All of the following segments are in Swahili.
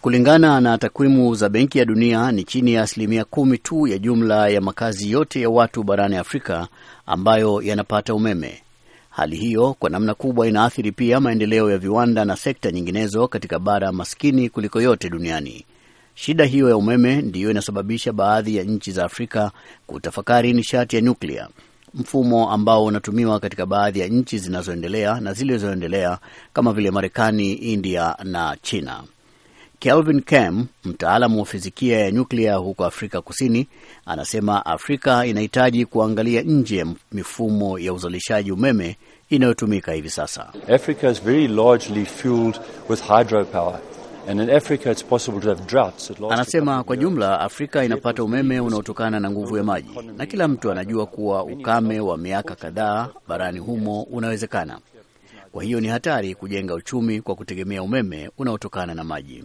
Kulingana na takwimu za Benki ya Dunia, ni chini ya asilimia kumi tu ya jumla ya makazi yote ya watu barani Afrika ambayo yanapata umeme. Hali hiyo kwa namna kubwa inaathiri pia maendeleo ya viwanda na sekta nyinginezo katika bara maskini kuliko yote duniani. Shida hiyo ya umeme ndiyo inasababisha baadhi ya nchi za Afrika kutafakari nishati ya nyuklia, mfumo ambao unatumiwa katika baadhi ya nchi zinazoendelea na zilizoendelea kama vile Marekani, India na China. Kelvin Kem, mtaalamu wa fizikia ya nyuklia huko Afrika Kusini, anasema Afrika inahitaji kuangalia nje mifumo ya uzalishaji umeme inayotumika hivi sasa. Africa is very largely fueled with hydropower. And in Africa it's possible to have droughts. Anasema kwa jumla Afrika inapata umeme unaotokana na nguvu ya maji, na kila mtu anajua kuwa ukame wa miaka kadhaa barani humo unawezekana. Kwa hiyo ni hatari kujenga uchumi kwa kutegemea umeme unaotokana na maji.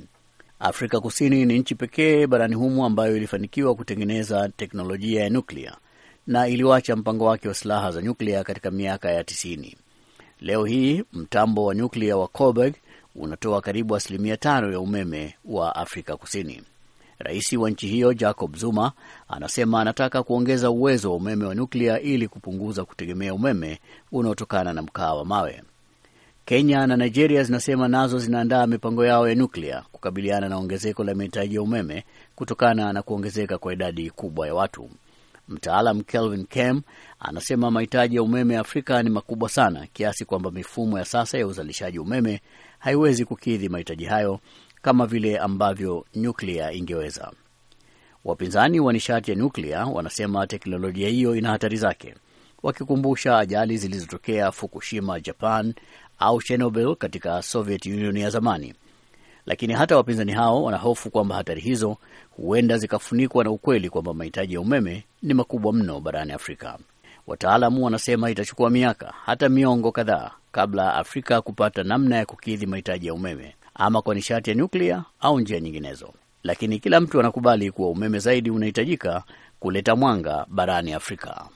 Afrika Kusini ni nchi pekee barani humo ambayo ilifanikiwa kutengeneza teknolojia ya nyuklia na iliwacha mpango wake wa silaha za nyuklia katika miaka ya tisini. Leo hii mtambo wa nyuklia wa Koeberg unatoa karibu asilimia tano ya umeme wa Afrika Kusini. Rais wa nchi hiyo Jacob Zuma anasema anataka kuongeza uwezo wa umeme wa nyuklia ili kupunguza kutegemea umeme unaotokana na mkaa wa mawe. Kenya na Nigeria zinasema nazo zinaandaa mipango yao ya nuklia kukabiliana na ongezeko la mahitaji ya umeme kutokana na kuongezeka kwa idadi kubwa ya watu. Mtaalam Kelvin Kem anasema mahitaji ya umeme Afrika ni makubwa sana kiasi kwamba mifumo ya sasa ya uzalishaji umeme haiwezi kukidhi mahitaji hayo kama vile ambavyo nyuklia ingeweza. Wapinzani wa nishati ya nyuklia wanasema teknolojia hiyo ina hatari zake, wakikumbusha ajali zilizotokea Fukushima, Japan, au Chernobyl katika Soviet Union ya zamani. Lakini hata wapinzani hao wanahofu kwamba hatari hizo huenda zikafunikwa na ukweli kwamba mahitaji ya umeme ni makubwa mno barani Afrika. Wataalamu wanasema itachukua miaka hata miongo kadhaa kabla Afrika kupata namna ya kukidhi mahitaji ya umeme, ama kwa nishati ya nyuklia au njia nyinginezo. Lakini kila mtu anakubali kuwa umeme zaidi unahitajika kuleta mwanga barani Afrika.